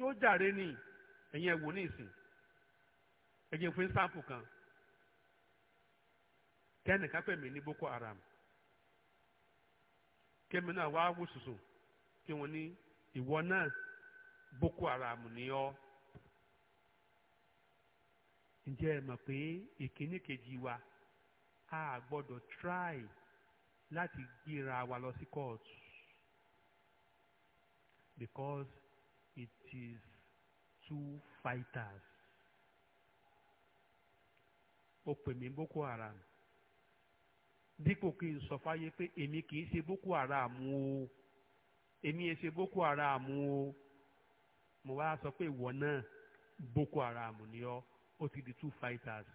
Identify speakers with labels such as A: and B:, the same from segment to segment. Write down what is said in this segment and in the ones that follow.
A: yóò jàre ní ẹ̀yìn ẹ̀wò ní ìsìn ẹ̀jẹ̀ fún sáàpù kan kẹ́nìkan pè mí ní Boko Haram kémi náà wá wò sùsù kí wọ́n ní ìwọ náà Boko Haram ni ọ́ ǹjẹ́ ẹ mọ̀ pé ìkíní kejì wa a gbọ́dọ̀ try láti gbéra wa lọ sí kóòtù because it is two fighters ó pè mí Boko Haram dípò kí n sọ fáyé pé èmi kì í ṣe Boko Haram o èmi ẹ ṣe Boko Haram o mo wá sọ pé ìwọ náà Boko Haram ni ọ ó ti di two fighters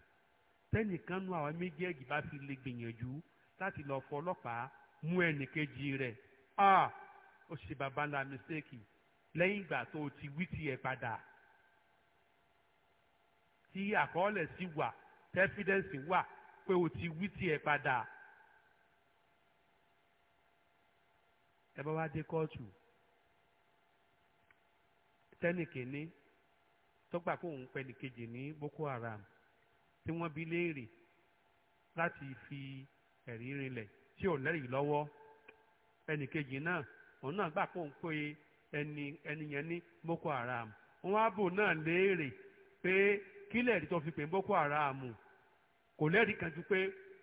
A: tẹnìkan nu àwọn méjèèjì bá fi lè gbìyànjú láti lọ fọ ọlọ́pàá mú ẹnìkejì rẹ̀ ah ó ṣe bàbá ńlá mistake lẹ́yìn ìgbà tó o ti wí tiẹ̀ padà tí àkọọ́lẹ̀ sì wà tẹ́fídẹ́ǹsì wà pé o ti wí tiẹ̀ padà ẹ bá wá dé kóòtù tẹ́nìkìnní tó gbà pé òun pẹ́ nìkejì ní Boko Haram tí wọ́n bi léèrè láti fi ẹ̀rí rinlẹ̀ tí ò lẹ́rìí lọ́wọ́ ẹnìkejì náà òun náà gbà pé òun pé ẹni ẹnìyẹn ní boko haram wọn á bò náà léèrè pé kílẹ̀ ẹ̀rí tó fi pè ń boko haram kò lẹ́rìí kan ju pé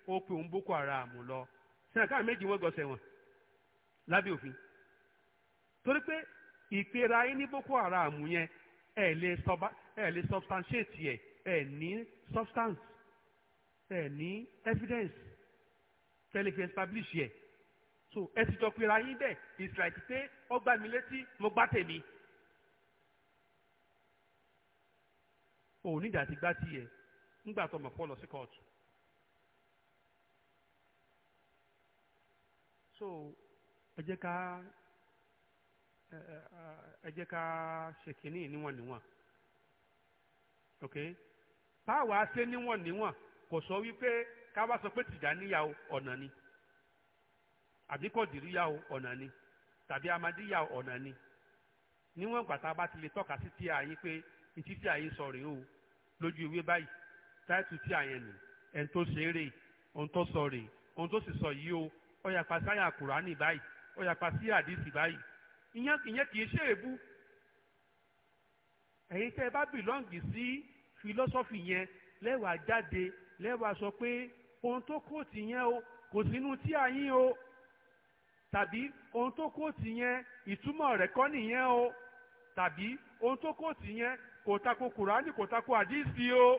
A: ó pe òun boko haram lọ sẹ́nàká méjì wọ́n gọ sẹ́wọ̀n lábẹ́ òfin torí pé ìpera yín ní boko haram yẹn ẹ̀ lè sọba ẹ̀ lè substantiate yẹ ẹ̀ ní substance ẹ̀ ní evidence tẹ́lẹ̀ fi establish yẹ so ẹ ti jọ pera yín bẹ́ẹ̀ it's like pé ó gbá mi létí mo gbá tèmi. òun nígbà tí gbá tiẹ̀ ńgbà tó mọ̀ pọ̀ sí kóòtù. so ẹ jẹ́ ká ẹ jẹ́ ká ṣe kínní níwọ̀n níwọ̀n ok báwa ṣe níwọ̀n níwọ̀n kò sọ wípé ká wá sọ pé tìjà níyàwó ọ̀nà ni. Okay? àbí kòdìríyà ọ̀nà ni tàbí amadíyà ọ̀nà ni níwọ̀n ìgbà tá a bá ti lè tọ́ka sí tíà yín pé ntí tíà yín sọ rèé o lójú ìwé báyìí táìtù tíà yẹn nì ẹn tó ṣe é rè ohun tó sọ rèé ohun tó sì sọ yìí o ó yapa sí àyà kùránì báyìí ó yapa àdìsí báyìí ìyẹn kì í ṣe èébú ẹ̀yin tẹ́ ẹ bá bìlọ́ǹgì sí fìlọ́sọ́fì yẹn lẹ́wàá jáde lẹ́wàá sọ pé ohun tó kóòtù yẹn o kò sínú tíà yín o. tàbí ohun tó ti yẹn ìtumọ̀ rẹ̀ kọ́ nìyẹn tàbí ohun tó kóòtì yẹn kò tako kùránì kò tako àdìsí o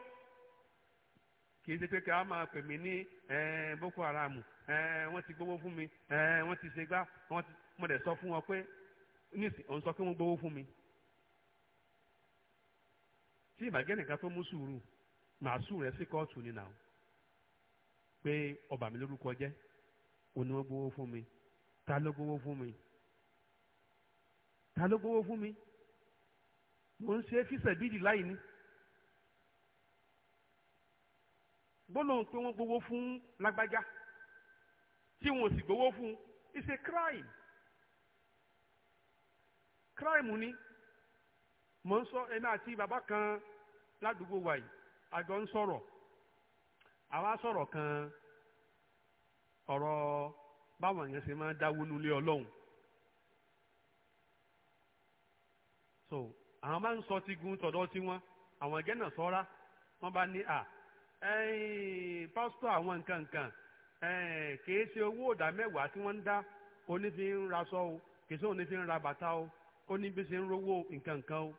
A: kì í ṣe pé kí a máa pè mí ní boko haram wọ́n ti gbowó fún mi wọ́n ti ṣe gbá mo sọ fún wọn pé gbowó fún mi tí ìbàgẹ́ nìkan tó mú sùúrù màá sùúrù sí kóòtù nínà pé ta ló gbowó fún mi ta ló gbowó fún mi mò ń ṣe fíṣẹ̀bídì láì ní. gbólóhùn pé wọ́n gbowó fún lágbájá tí wọn sì gbowó fún it's a crime crime ni mò ń sọ èmi àti bàbá kan ládùúgbò wa yìí àjọ ń sọ̀rọ̀ àwa sọ̀rọ̀ kan ọ̀rọ̀ báwọn èèyàn ṣe máa dáwó nulẹ̀ ọlọ́run so àwọn máa ń sọ ti gun tọ̀dọ̀ tí wọ́n àwọn ẹ̀gẹ́ náà sọ́ra wọ́n bá ní à pásítọ̀ àwọn nǹkan nǹkan kìí ṣe owó ọ̀dà mẹ́wàá tí wọ́n ń dá onífi ń raṣọ o kìí ṣe onífi ń ra bàtà o onífi ṣe ń rówó nǹkan nǹkan o.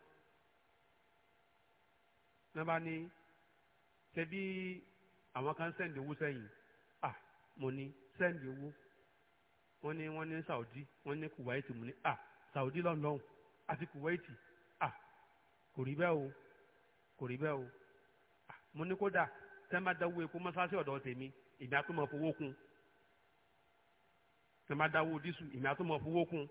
A: wọ́n bá ní ṣe bí àwọn kan sẹ́ǹdì owó sẹ́yìn à mo ní sẹ́ǹdì owó wọ́n ní wọ́n ní Saudi wọ́n ní Kuwaiti mo ní à ah, Saudi lọ́nlọ́hùn àti Kuwaiti à ah, kò rí bẹ́ẹ̀ o kò rí bẹ́ẹ̀ o ah, mo ní kódà tẹ́ má dáwó epo mọ́sáàsì ọ̀dọ̀ tèmi èmi àti mọ̀ fowó kún tẹ́ dísù èmi àti fowó kún.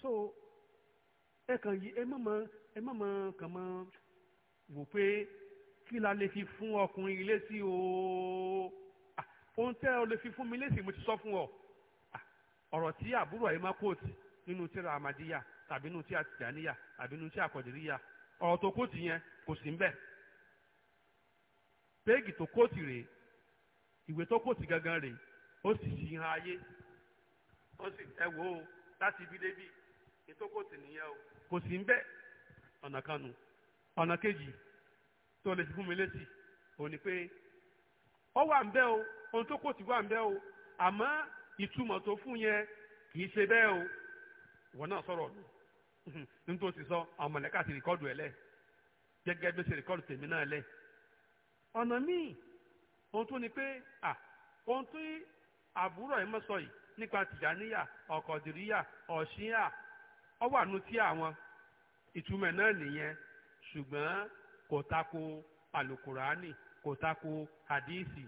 A: so ẹ kàn yí ẹ mọ̀ mọ̀ ẹ mọ̀ mọ̀ kàn mọ̀ wò pé kí la lè fi fún ọkùnrin ilé sí o ah, ohun tẹ́ ọ lè fi fún mi lésì mo ti sọ fún ọ ah, ọ̀rọ̀ tí àbúrò ẹ̀ máa kóòtù nínú tí ramadiya tàbí nínú tí àtìjáníyà tàbí nínú tí àkọ̀dìríyà ọ̀rọ̀ tó kóòtù yẹn kò sí mbẹ́ péègì tó kóòtù rèé ìwé tó kóòtù gangan rèé ó sì sí hàn ayé ó sì ẹ wò ó láti ibi débi ètò nìyẹn o kò sí mbẹ́ ọ̀nà kanu ọ̀nà kejì. tó lè ti fún mi létí òun ni pé ó wà ń bẹ́ o ohun tó kò sí wà ń bẹ́ o àmọ́ ìtumọ̀ tó fún yẹn kì í ṣe bẹ́ẹ̀ o wọn náà sọ̀rọ̀ lò ní tó ti sọ àwọn mọ̀lẹ́kà ti rìkọ́dù ẹ̀ lẹ̀ gẹ́gẹ́ bí ṣe rìkọ́dù tèmi náà lẹ̀ ọ̀nà míì ohun tó ni pé ohun tó àbúrò ẹ̀ mọ́ sọ yìí nípa tìjàníyà ọ̀kọ̀dìríyà ọ̀ṣíyà ọwọ́ àánú tí àwọn ìtumọ̀ náà nìyẹn ṣùgbọ́n kò tako alukurani kò tako hadisi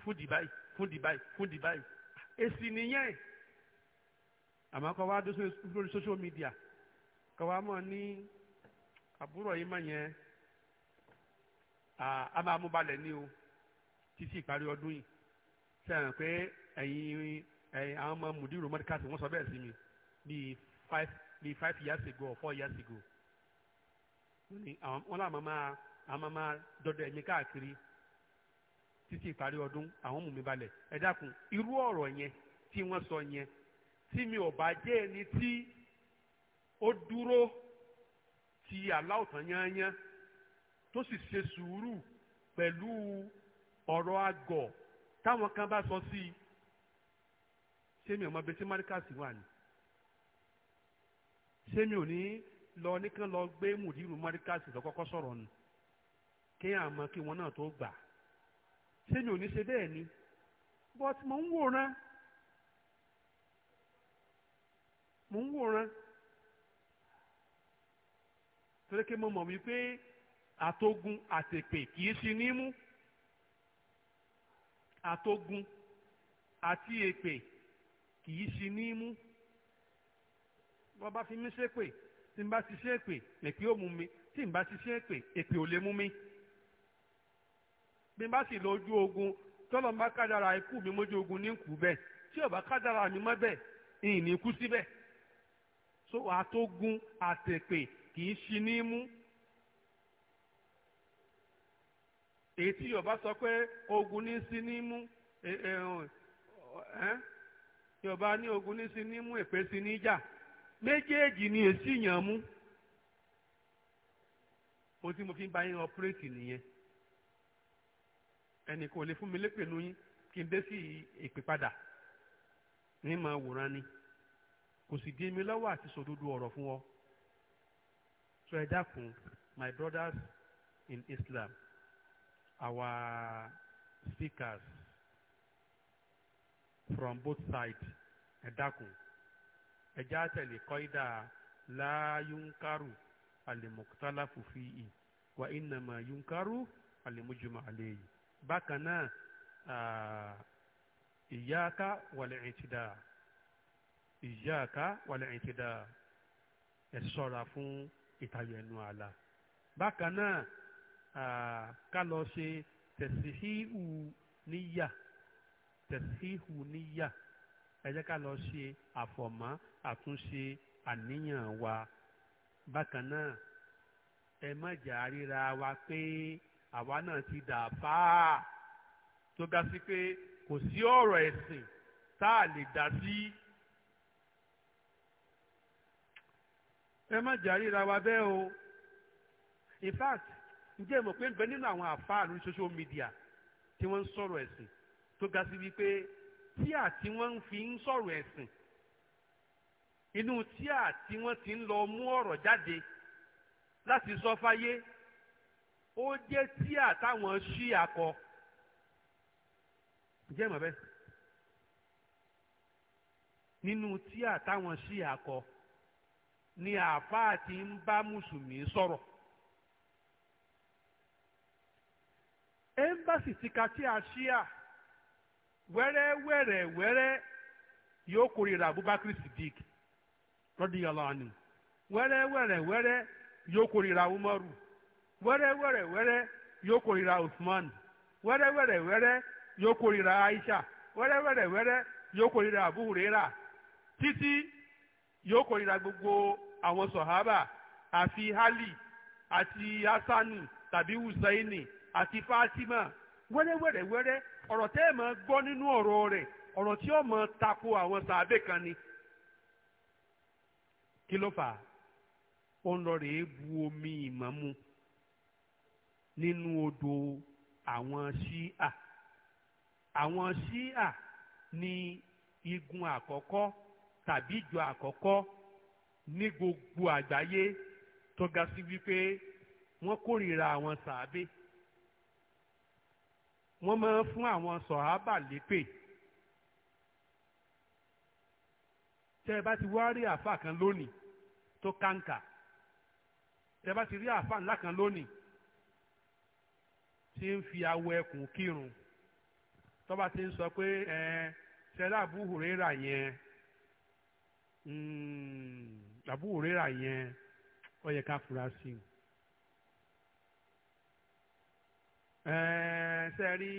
A: fún dìbáyì fún dìbáyì fún dìbáyì èsì nìyẹn àmọ́ kọ́ wá dé lórí social media kọ́ wá mọ̀ ní àbúrò yìí mọ̀ yẹn a máa mú balẹ̀ ní o títí ìparí ọdún yìí sẹ́yìn pé ẹ̀yin ẹ̀yin àwọn ọmọ mùdírò mọ́díkàtì wọ́n sọ bẹ́ẹ̀ sí mi bíi five bíi five years ago or four years ago wọ́n làwọn máa àwọn máa dọdọ ẹ̀mí káàkiri títí ìparí ọdún àwọn mú mi balẹ̀ ẹ dákun irú ọ̀rọ̀ yẹn tí wọ́n sọ yẹn tí mi ò bá jẹ́ ẹni tí ó dúró ti aláwòtán yányán tó sì ṣe sùúrù pẹ̀lú ọ̀rọ̀ àgọ̀ táwọn kan bá sọ sí i ṣé mi ò mọ bẹ́ẹ̀ tí márikàsì wà ní ṣé mi ò ní lọ nìkan lọ gbé mùdírù mọ́ríkàsì lọ́kọ́kọ́ sọ̀rọ̀ nù kí àmọ́ kí wọn náà tó gbà ṣé mi ò ní ṣe bẹ́ẹ̀ ni but mò ń wòran mò ń wòran torí mo mọ̀ wípé àtogun àtèpè kì í ṣi nímú àtogun àti èpè kì í ṣi nímú wọ́n bá fi mí ṣépè. tí n bá ti ṣe èpè èpè ó mú mi tí n bá ti ṣe èpè èpè ò lè mú mi bí n bá sì lójú ogun tọ́lọ̀ bá kádàrà ikú mi mójú ogun ní kú bẹ́ẹ̀ tí ò bá kádàrà mi mọ́ bẹ́ẹ̀ ìyìn ní kú síbẹ̀ so àtógun àtèpè kì í ṣi ní mú èyí tí Yorùbá sọ pé ogun ní sí ní mú Yorùbá ní ogun ní sí ní mú èpè sí ní jà méjèèjì ni èsì yàn mú ohun tí mo fi ń bá yín ọpúrẹ́tì nìyẹn ẹnì kò lè fún mi lépè lóyún kí n dé sí ìpè padà ní máa wòran ni kò sì di èmi lọ́wọ́ àti sòdodo ọ̀rọ̀ fún ọ so ẹ dákun my brothers in Islam our speakers from both sides ẹ dákun ẹjẹ́ àtẹ̀lé kọ́ídà láyúnkárù àlèmọ̀tálàfù fi ì wà ìnàmà yúnkárù àlèmójúmọ̀ àlè yìí bákan náà ìyáàká wàlẹ̀ ìtìdá ìyáàká wàlẹ̀ ìtìdá ẹ̀ sọ̀ra fún ìtayọ̀ ẹnu àlà bákan náà tẹ̀síhíhù níyà tẹ̀síhíhù níyà ẹ jẹ́ ká lọ ṣe àfọ̀mọ́ àtúnṣe àníyàn wa bákan náà ẹ má jà ríra wa pé àwa náà ti dà fáà tó ga sí pé kò sí ọ̀rọ̀ ẹ̀sìn tá a lè dá sí. ẹ má jà ríra wa bẹ́ẹ̀ o in fact ǹjẹ́ mọ̀ pé ń bẹ nínú àwọn àfáà lórí social media tí wọ́n ń sọ̀rọ̀ ẹ̀sìn tó ga sí wípé tíà tí wọ́n ń fi ń sọ̀rọ̀ ẹ̀sìn inú tíà tí wọ́n ti ń lọ mú ọ̀rọ̀ jáde láti sọ fáyé ó jẹ́ tíà táwọn ṣí akọ ǹjẹ́ ìmọ̀ bẹ́ẹ̀ nínú tíà táwọn ṣí akọ ni àáfàá ti ń bá mùsùlùmí sọ̀rọ̀ ẹ̀ńbàsì ti ka tíà ṣíà. were were were yoko rira bụba kristi dịkị rọdịa laanị were were were yoko rira ụmụrụ were were were yoko rira osmọn were were were yoko aisha were were were yoko rira abụrụrịra titi yoko rira gbogbo awon sohaba afi hali ati yasanu tabi wuse ini ati fahimah were were were ọ̀rọ̀ tẹ́ ẹ̀ máa gbọ́ nínú ọ̀rọ̀ rẹ̀ ọ̀rọ̀ tí ó máa tako àwọn sàábé kan ni kí ló fà á ó ń lọ rèé bu omi ìmọ̀mú nínú odò àwọn ṣíà àwọn ṣíà ni igun àkọ́kọ́ tàbí ìjọ àkọ́kọ́ ní gbogbo àgbáyé tó sí wípé wọ́n kórìíra àwọn sàábé wọ́n máa ń fún àwọn sọ̀hábà lépè tẹ́ ẹ bá ti wá rí àáfà kan lónìí tó kàǹkà tẹ́ ẹ bá ti rí àáfà ńlá kan lónìí tí ń fi awọ ẹkùn kírun tó bá ti ń sọ pé ẹ sẹ́lá àbúhùrẹ́rà yẹn àbúhùrẹ́rà hmm, yẹn ó yẹ ká fura sí i. Eh, ṣe rí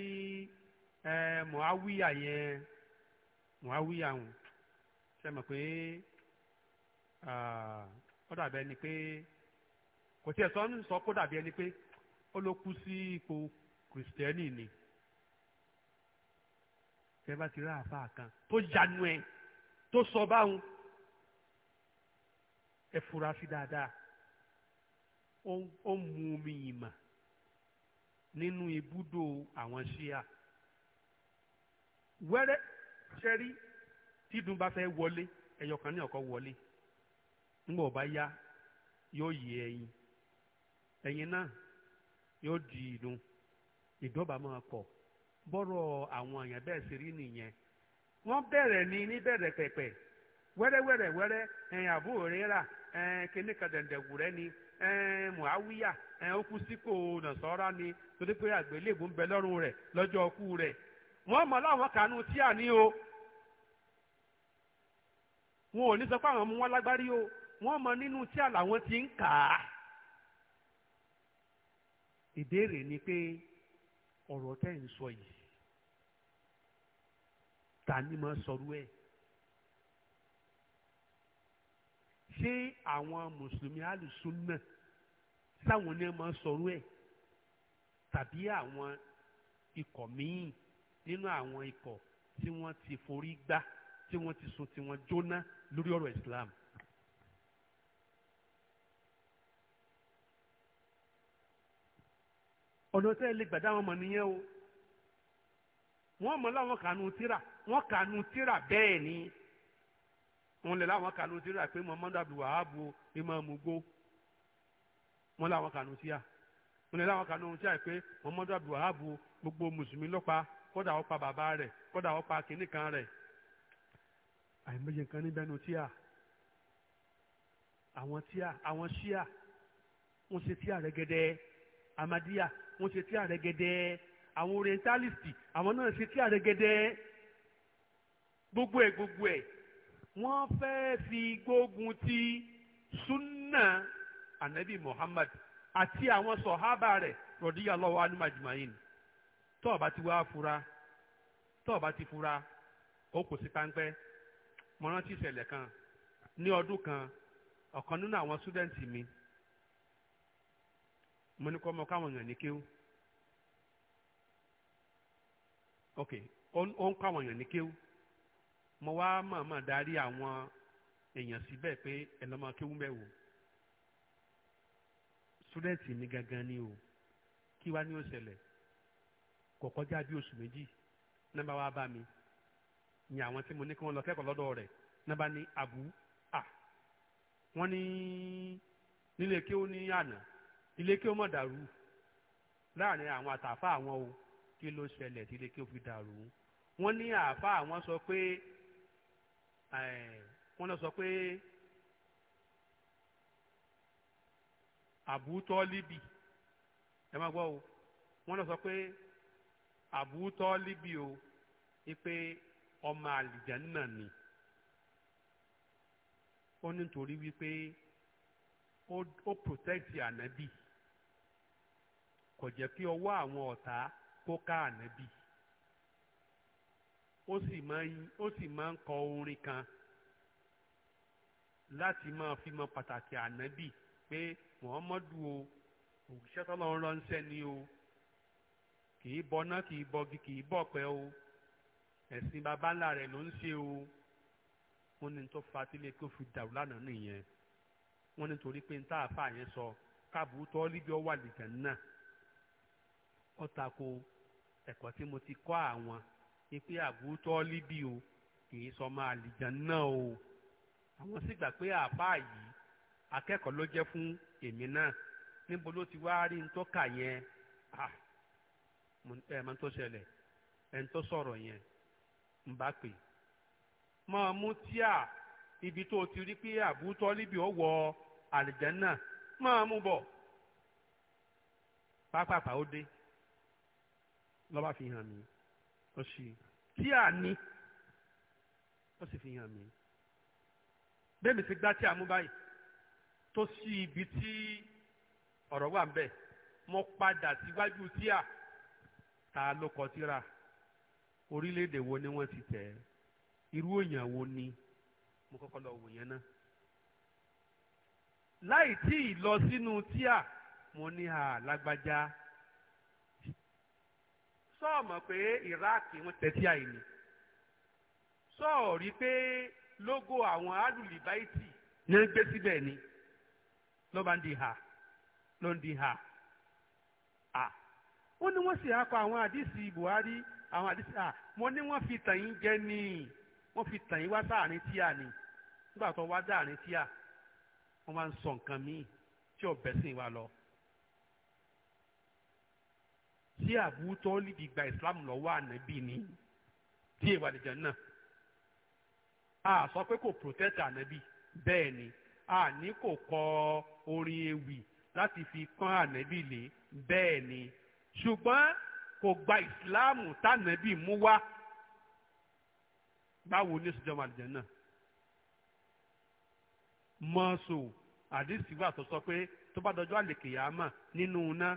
A: eh, muawiya yẹn muawiya ń ṣe mọ̀ pé ó dàbí ẹni pé kò tiẹ̀ sọ ń sọ kó dàbí ẹni pé ó ló kú sí ipò kìrìsìtẹ́nì ni tẹ́ bá ti rí àáfàá kan tó yanu ẹ tó sọ báwọn ẹ fura sí dáadáa ó ń mu omi yìí mà nínú ibùdó àwọn ṣíà wẹ́rẹ́ ṣẹ́rí tídùn bá fẹ́ wọlé ẹ̀yọkàn ní ọ̀kọ́ wọlé nígbà ọba yá yóò yé ẹyin ẹyin náà yóò di ìdun ìdọ́ba máa kọ̀ bọ́rọ̀ àwọn èèyàn bẹ́ẹ̀ ṣe rí nìyẹn wọ́n bẹ̀rẹ̀ ní níbẹ̀rẹ̀ pẹ̀pẹ̀ wẹ́rẹ́wẹ́rẹ́ wẹ́rẹ́ ẹ̀yìn àbúrò rẹ̀ rà ẹ̀ẹ́n kíníkà dẹ̀ǹdẹ̀wù rẹ̀ ni Eh, muawiya eh, ó kú sípò nàṣọ́ra ni torí pé àgbélébùú ń bẹ lọ́rùn rẹ̀ lọ́jọ́ ọkú rẹ̀ wọ́n mọ̀ láwọn kànú tí à ní o wọn ò ní sọ pé àwọn wọn lágbárí o wọ́n mọ̀ nínú tí à ti ń kà á. ìbéèrè ni pé ọ̀rọ̀ tẹ́ ń sọ yìí ta ni mo ṣé àwọn mùsùlùmí alùsùnà sáwọn ní máa sọ̀rọ̀ ẹ̀ tàbí àwọn ikọ̀ míì nínú àwọn ikọ̀ tí wọ́n ti forí gbá tí wọ́n ti sun tí wọ́n jóná lórí ọ̀rọ̀ Islam. ọ̀nà tẹ́ ẹ lè gbàdá wọn mọ̀ nìyẹn o wọ́n mọ̀ láwọn kànú tíra wọ́n kànú tíra bẹ́ẹ̀ ni wọn lè láwọn kanu sí rà pé muhammadu abdulwahab o imaamu gbó wọn láwọn kanu sí à wọn lè láwọn kanu sí à pé muhammadu abdulwahab o gbogbo mùsùlùmí lọ́pa kódà ó pa bàbá rẹ̀ kódà ó pa kínní kan rẹ̀ àìmọye nǹkan níbẹ̀ nu tíà àwọn tíà àwọn ṣíà wọ́n ṣe tíà rẹ́gẹ́dẹ́ amadiya wọ́n ṣe tíà rẹ́gẹ́dẹ́ àwọn orientalist àwọn náà ṣe tíà rẹ́gẹ́dẹ́ gbogbo ẹ̀ gbogbo ẹ̀ wọ́n fẹ́ fi gbógun ti sunna anabi muhammad àti àwọn sọ̀hábà rẹ̀ rọ̀díyà lọ́wọ́ anumajumayin tọ́ọ̀ bá ti wá fura tọ́ọ̀ bá ti fura ó kò sí páńpẹ́ mo rántí ìṣẹ̀lẹ̀ kan ní ọdún kan ọ̀kan nínú àwọn súdẹ́ǹtì mi mo ní kọ́ mọ káwọn èèyàn ní kéwú ok ó ń káwọn èèyàn ní kéwú. mo wá mọ̀ọ́mọ̀ darí àwọn èèyàn síbẹ̀ pé ẹ lọ́mọ kéwú bẹ́ẹ̀ wò súdẹ̀tì mi gangan ni o kí wá ní ó kò kọjá bí oṣù méjì nọ́mbà wá bá mi ni àwọn tí mo ní kí wọ́n lọ kẹ́kọ̀ọ́ lọ́dọ̀ rẹ̀ nọ́mbà ní abu a wọ́n ní nílé kí ó ní àná ilé kí ó mọ̀ dàrú láàrin àwọn àtàfà àwọn o kí ló ṣẹlẹ̀ tí ilé kí ó fi dàrú wọ́n ní àfà àwọn sọ pé wọ́n lọ sọ pé àbútọ́líbì ẹ máa gbọ́ o wọ́n lọ sọ pé àbútọ́líbì o ni pé ọmọ àlìjánná ni ó ní nítorí wípé ó protect ànábì kò jẹ́ kí ọwọ́ àwọn ọ̀tá kó ká ànábì. ó sì máa ń kọ orin kan láti máa fi mọ pàtàkì ànábì pé muhammadu o òṣìṣẹ́ tọ́lọ́run ránṣẹ́ ni o kì í bọná kì í bọgi kì í bọ̀pẹ́ o ẹ̀sìn baba ńlá rẹ̀ ló ń ṣe o wọ́n ní tó fa tílé kó fi dàrú lánàá nìyẹn wọ́n ní torí pé níta àfa yẹn sọ káàbù tọ́líjọ́ wà lìjàn náà ẹ̀kọ́ tí mo ti kọ́ àwọn pé àbútọ́ líbi o kì í sọ máa lìjàn náà o àwọn sì gbà pé àbá yìí akẹ́kọ̀ọ́ ló jẹ́ fún èmi náà níbo ló ti wá rí ntọ́ka yẹn ẹ máa tó ṣẹlẹ̀ ẹ tó sọ̀rọ̀ yẹn ń bá pè máa mú tíà ibi tó ti rí pé àbútọ́ líbi ó wọ àlìjàn náà máa mú bọ̀ pápápá ó dé lọ́ba fi hàn mí ọ̀sì tí a ní wọ́n sì fi hàn mí bẹ́ẹ̀ mi ti gbá tí a mú báyìí tó sí ibi tí ọ̀rọ̀ wà ń bẹ̀ mo padà síwájú tí a ta ló kọ tíra orílẹ̀-èdè wo ni wọ́n ti tẹ̀ ẹ́ irú èèyàn wo ni mo kọ́kọ́ lọ wò yẹn náà láì tí ì lọ sínú tíà mo ní a lágbájá sọ́ọ̀mọ̀ pé Iraki wọn tẹ̀sí àìní sọ́ọ̀rí pé lógo àwọn alùlìbáìtì ní ń gbé síbẹ̀ ni ló bá ń di ha ló ń di ha à wọ́n ní wọ́n sì akọ àwọn àdìsí Buhari àwọn àdìsí à wọ́n ní wọ́n fi tàn yín jẹ ní wọ́n fi tàn yín wá sáàrin tíà ni nígbà tó wá dáàrin tíà wọ́n máa ń sọ nǹkan míì tí ò bẹ́sìn wa lọ tí àbútọ́ níbi gba islam lọ́wọ́ ànábì ni tí èèwà àdìjẹ́ náà a sọ pé kò protect ànábì bẹ́ẹ̀ ni a ní kò kọ orin ewì láti fi kán ànábì lé bẹ́ẹ̀ ni ṣùgbọ́n kò gba islam tànábì mú wá báwo ní sọjọ́ àdìjẹ́ náà mọ́sù àdìsí wà tó sọ pé tó bá dọjọ́ àlèkèyàmà nínú náà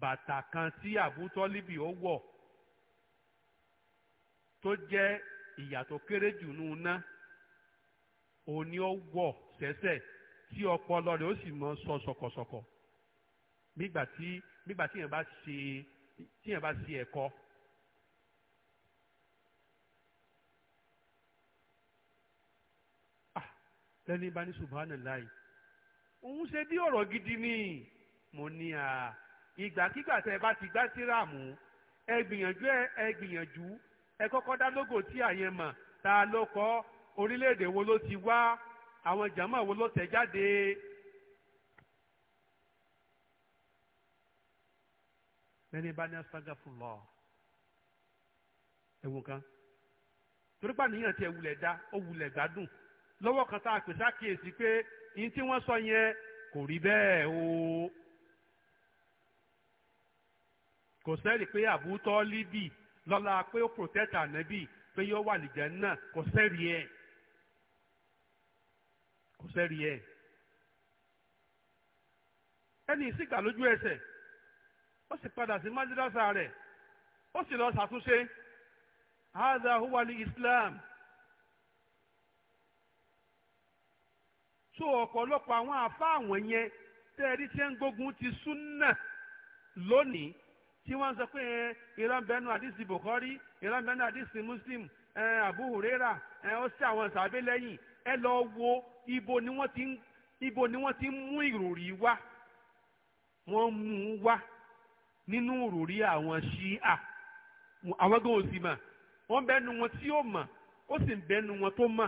A: bàtà kan tí àbútọ́líbì ó wọ̀ tó jẹ́ ìyà tó kéré jù nù ná òun ni ó wọ̀ sẹ́sẹ̀ tí ọpọlọ rẹ̀ ó sì mọ sọ sọkọsọkọ nígbà tí nígbà tí yẹn bá ṣe tí yẹn bá ṣe ẹ̀kọ́. Ah, lẹ́ni bá ní subhanallah òun ṣe bí ọ̀rọ̀ gidi ni mo ní à ah, ìgbàkígbà tẹ bá ti gbá tírà mú ẹ gbìyànjú ẹ gbìyànjú ẹ kọ́kọ́ dá lógo tí àyẹn mọ̀ ta ló kọ orílẹ̀-èdè wo ló ti wá àwọn jàmọ́ wo ló tẹ̀ jáde. lẹ́ni bá ní asaga fún lọ ẹ̀wọ̀n kan torí pa níyàn tí ẹ wulẹ̀ dá ó wulẹ̀ gbádùn lọ́wọ́ kan tá a pèsè àkíyèsí pé ní tí wọ́n sọ yẹn kò rí bẹ́ẹ̀ o. kò sẹ́rì pé àbútọ́ líbì lọ́la pé ó protect ànábì pé yóò wà nìjẹ́ náà kò sẹ́rì ẹ̀ kò sẹ́rì ẹ̀ ẹni si lójú ẹsẹ̀ ó sì padà sí májídásá rẹ̀ ó sì lọ huwa islam tó ọ̀pọ̀lọpọ̀ àwọn àfáà wọ̀nyẹn tẹ́ẹ̀rí ń tí wọ́n sọ pé ìran bẹnu àdìsí Bukhari ìran bẹnu àdìsí Muslim eh, Abu Huraira eh, ó sì àwọn sàbẹ̀ lẹ́yìn ẹ lọ wo ibo ni wọ́n ti ibo ni wọ́n ti ń mú ìròrí wá wọ́n mú un wá nínú ìròrí àwọn ṣíà àwọn gan ò sì mà wọ́n bẹ́nu wọn tí ó mà ó sì ń bẹ́nu wọn tó mà.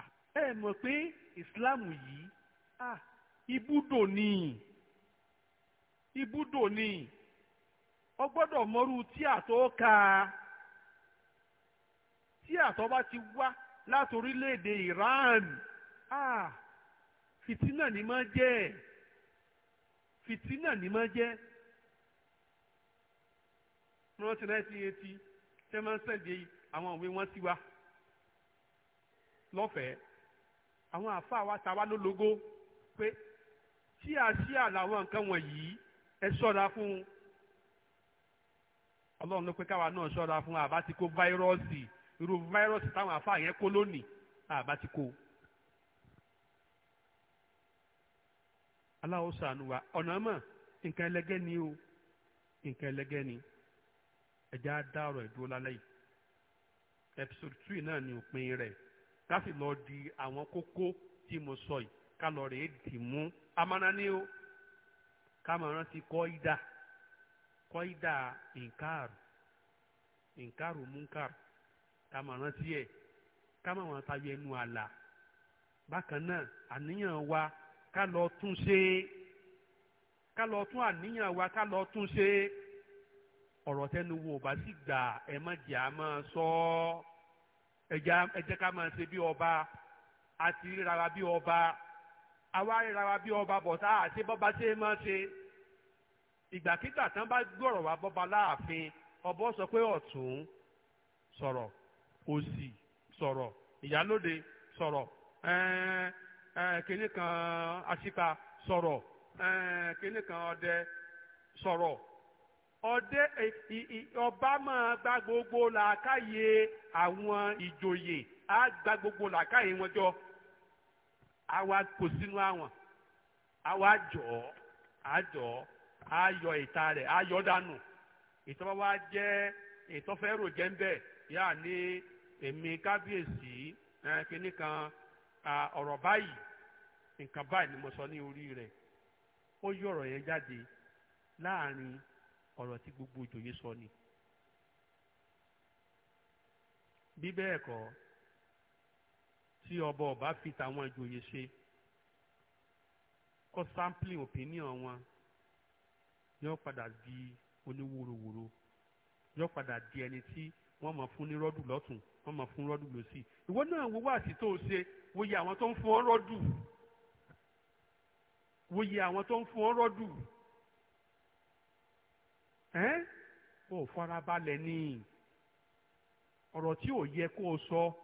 A: Ah, ẹ mọ̀ pé ìsìláàmù yìí ah, ibùdó ni ibùdó ni ọ gbọ́dọ̀ mọ́rú tíà tó ka tíà tó bá ti wá láti orílẹ̀-èdè Iran ah fìtínà ni máa jẹ́ fìtínà ni máa jẹ́ rántí náìtì etí tẹ́ máa ń sẹ̀dé àwọn òwe wọn sí wa lọ́fẹ̀ẹ́ àwọn àfa wa ta wá lólogó pé tí a ṣí àlàwọn nǹkan wọ̀nyí ẹ ṣọ́ra fún un ọlọ́run ló pé káwa náà ṣọ́ra fún àbá ti kó fáírọ́ọ̀sì irú fáírọ́ọ̀sì táwọn afá yẹn kó lónìí àbá ti kó. aláwo ṣàánú wa ọ̀nà mọ̀ nǹkan ẹlẹ́gẹ́ ni o nǹkan ẹlẹ́gẹ́ ni ẹ̀já dá ọ̀rọ̀ ìdúró lálẹ́ yìí episode three náà ni òpin rẹ̀ ká lọ di àwọn kókó tí mo sọ yìí ká lọ rèé dì mú amánání o káàmọ̀ rántí kọ́ídà kọ́ídà ìǹkàrù ìǹkàrù múnkàrù káàmọ̀ rántí ẹ̀ káàmọ̀ wọn tayọ ẹnu àlà bákan náà àníyàn wa ká lọ tún ṣe ká lọ tún àníyàn wa ká lọ tún ṣe ọ̀rọ̀ tẹnu wo bá sì gbà ẹ má jẹ́ a máa sọ ọ́ ẹ jẹ́ ká máa ṣe wa bí ọba àwa ríra wa bí ọba bọ̀tá àti bọ́ba ṣe máa ṣe ìgbàkígbà tán bá gbọ́rọ̀ wá bọ́ba láàfin ọbọ̀ sọ pé ọ̀tún sọ̀rọ̀ òsì sọ̀rọ̀ ìyálóde sọ̀rọ̀ kínní kan aṣípa sọ̀rọ̀ kínní kan ọdẹ sọ̀rọ̀ ọdẹ ọba máa gba gbogbo làákàyè àwọn ìjòyè á gba gbogbo làákàyè wọn jọ a wá kó sínú àwọn a wá jọ ọ́ a jọ ọ́ a yọ ìta rẹ̀ á yọ dànù ìtọ́ bá wá jẹ́ ìtọ́fẹ́ rò yáà ní èmi kábíyèsí kínní kan ọ̀rọ̀ ni mo sọ ní orí rẹ̀ ó yọ ọ̀rọ̀ yẹn jáde láàrin ọ̀rọ̀ tí gbogbo ìjòyè sọ ni bí bẹ́ẹ̀ tí ọba ọba fi tàwọn ìjòyè ṣe kó sampling opinion wọn yóò padà di oníwòròwòrò yóò padà di ẹni tí wọ́n máa fún ní rọ́dù lọ́tún wọ́n máa fún rọ́dù lọ́sì ìwọ náà wo wáàsí tó o ṣe wòye àwọn tó ń fún ọ rọ́dù wòye àwọn tó ń fún ọ rọ́dù ẹ́ ò farabalẹ̀ ni ọ̀rọ̀ tí ò yẹ kó o sọ. So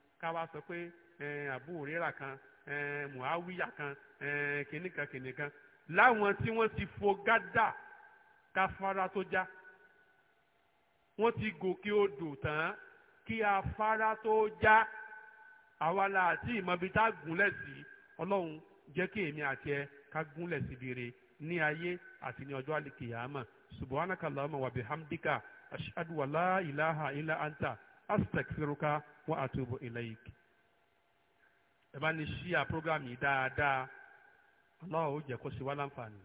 A: ká wá sọ pé Abu Huraira kan Muawiya kan kìnìkan kìnìkan láwọn tí wọ́n ti fo gádà káfárá tó já wọ́n ti gòkè odò tán kí afárá tó já àwa la àti ìmọ̀bi tá a gúnlẹ̀ sí ọlọ́run jẹ́ kí èmi àti ẹ ká gúnlẹ̀ síbi re ní ayé àti ní ọjọ́ àlìkìyàmà subhanaka allahumma wa bihamdika ashhadu wa la ilaha illa anta astaghfiruka wa atubu ilaik ẹ bá ní ṣíà program yìí dáadáa Allah ó jẹ́ kó ṣe wá láǹfààní.